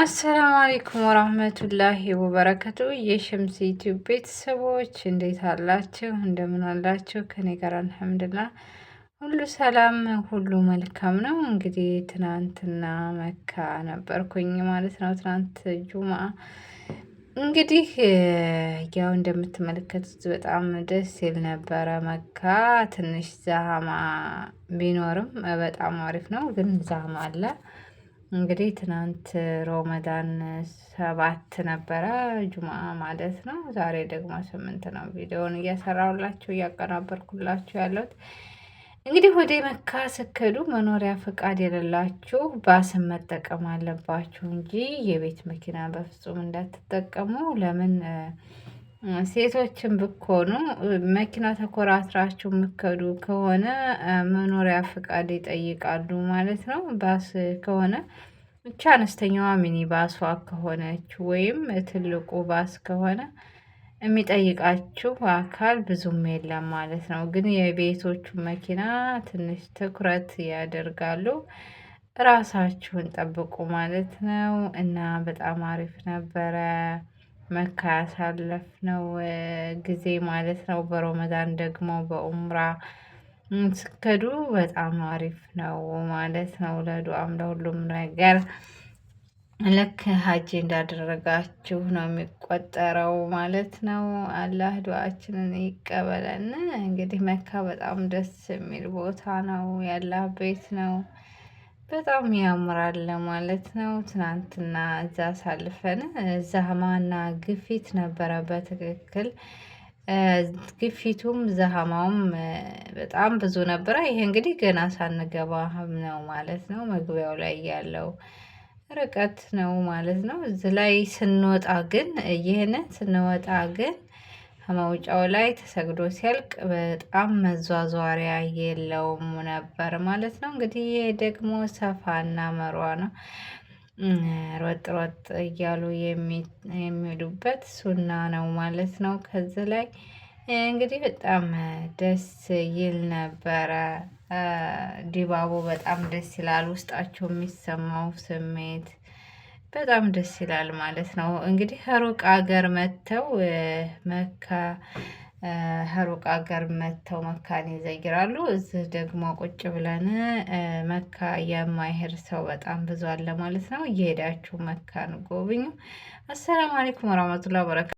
አሰላሙ አለይኩም ወራህመቱላሂ ወበረከቱ። የሸምስ ዩቲዩብ ቤተሰቦች እንዴት አላችሁ? እንደምን አላችሁ? ከኔ ጋር አልሐምዱሊላህ ሁሉ ሰላም፣ ሁሉ መልካም ነው። እንግዲህ ትናንትና መካ ነበርኩኝ ማለት ነው። ትናንት ጁምአ እንግዲህ ያው እንደምትመለከቱት በጣም ደስ ይል ነበረ። መካ ትንሽ ዛሃማ ቢኖርም በጣም አሪፍ ነው፣ ግን ዛሃማ አለ እንግዲህ ትናንት ሮመዳን ሰባት ነበረ ጁማ ማለት ነው። ዛሬ ደግሞ ስምንት ነው። ቪዲዮውን እያሰራሁላችሁ እያቀናበርኩላችሁ ያለሁት እንግዲህ ወደ መካ ስከዱ መኖሪያ ፈቃድ የሌላችሁ ባስን መጠቀም አለባችሁ እንጂ የቤት መኪና በፍጹም እንዳትጠቀሙ። ለምን ሴቶችን ብኮኑ መኪና ተኮራትራችሁ የምከዱ ከሆነ መኖሪያ ፍቃድ ይጠይቃሉ ማለት ነው። ባስ ከሆነ ብቻ አነስተኛዋ ሚኒ ባሷ ከሆነች ወይም ትልቁ ባስ ከሆነ የሚጠይቃችሁ አካል ብዙም የለም ማለት ነው። ግን የቤቶቹ መኪና ትንሽ ትኩረት ያደርጋሉ። ራሳችሁን ጠብቁ ማለት ነው እና በጣም አሪፍ ነበረ። መካ ያሳለፍ ነው ጊዜ ማለት ነው። በሮመዳን ደግሞ በኡምራ ስከዱ በጣም አሪፍ ነው ማለት ነው። ለዱዓም ለሁሉም ነገር ልክ ሀጂ እንዳደረጋችሁ ነው የሚቆጠረው ማለት ነው። አላህ ዱዓችንን ይቀበለን። እንግዲህ መካ በጣም ደስ የሚል ቦታ ነው፣ ያላህ ቤት ነው። በጣም ያምራል ማለት ነው። ትናንትና እዛ አሳልፈን ዛህማና ግፊት ነበረ በትክክል ግፊቱም ዛህማውም በጣም ብዙ ነበረ። ይሄ እንግዲህ ገና ሳንገባ ነው ማለት ነው። መግቢያው ላይ ያለው ርቀት ነው ማለት ነው። እዚ ላይ ስንወጣ ግን ይህንን ስንወጣ ግን ከማውጫው ላይ ተሰግዶ ሲያልቅ በጣም መዟዟሪያ የለውም ነበር ማለት ነው። እንግዲህ ይሄ ደግሞ ሰፋና መሯ ነው። ሮጥ ሮጥ እያሉ የሚሄዱበት ሱና ነው ማለት ነው። ከዚህ ላይ እንግዲህ በጣም ደስ ይል ነበረ። ዲባቦ በጣም ደስ ይላል። ውስጣቸው የሚሰማው ስሜት በጣም ደስ ይላል ማለት ነው። እንግዲህ ሩቅ ሀገር መጥተው መካ ሩቅ ሀገር መጥተው መካን ይዘይራሉ እዚህ ደግሞ ቁጭ ብለን መካ የማይሄድ ሰው በጣም ብዙ አለ ማለት ነው። እየሄዳችሁ መካን ጎብኙ። አሰላሙ አለይኩም ወራህመቱላሂ ወበረካቱ